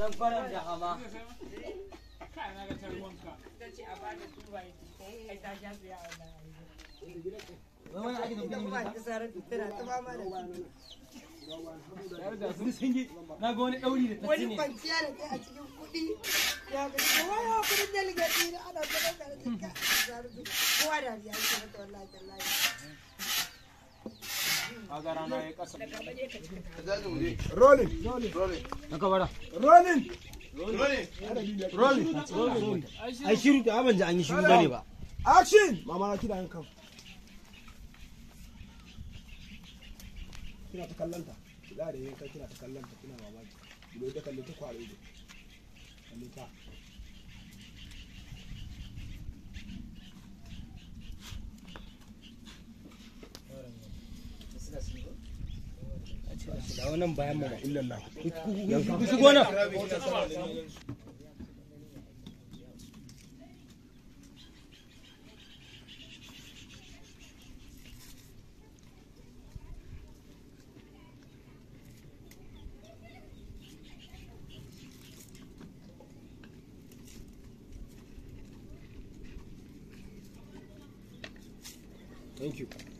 dan faran da hama kana ga a bada su bai kai ta ja su ya wani da kudin ba ta sarar tana ta mama da na wani da wani da a cikin kudi ya ga kowa ya kudin delegate ne ana da ta ka kowa da ya wallahi a rana ya kasa rolling rolling rolling rolling rolling shiru da abin kida kan kina ta kallanta kila da yanka kina ta kallanta kina ido da kawo bayan mu illallah shigo Thank you.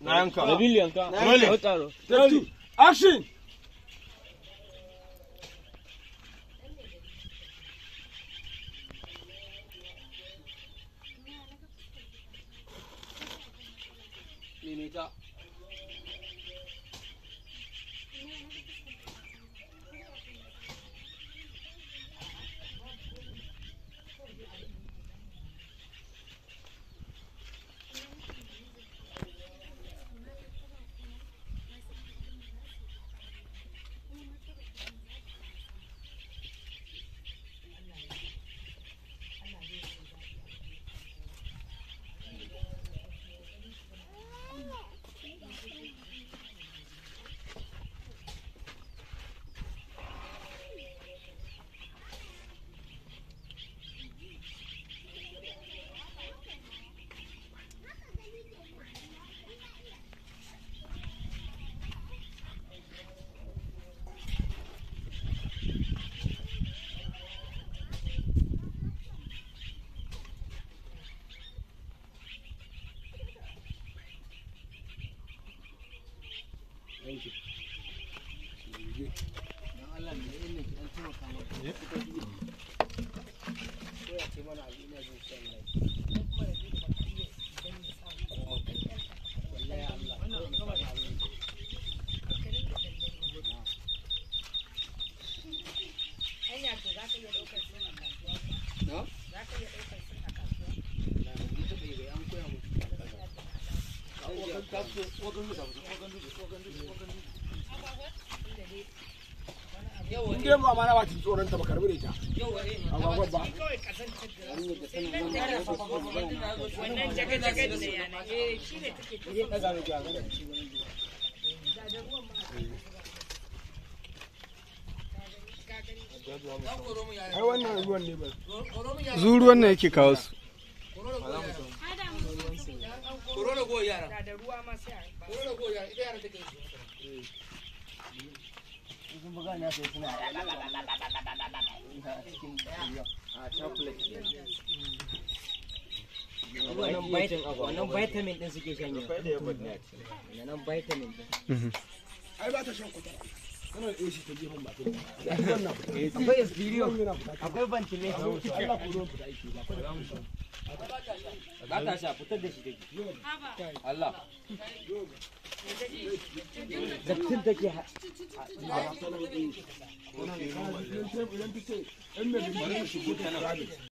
Nanka. No yanka. Action. Mimita. Allah in na wannan yake kawo su ko rola go yara da ruwa ma sai a ko yara ita yara take yi kun buga na sai a cikin a chocolate wannan vitamin din suke shan yau vitamin din ai ba ta shan kana da shi ta akwai expirio akwai ventilation Allah ku zo aiki ba ku da ta sha fitar da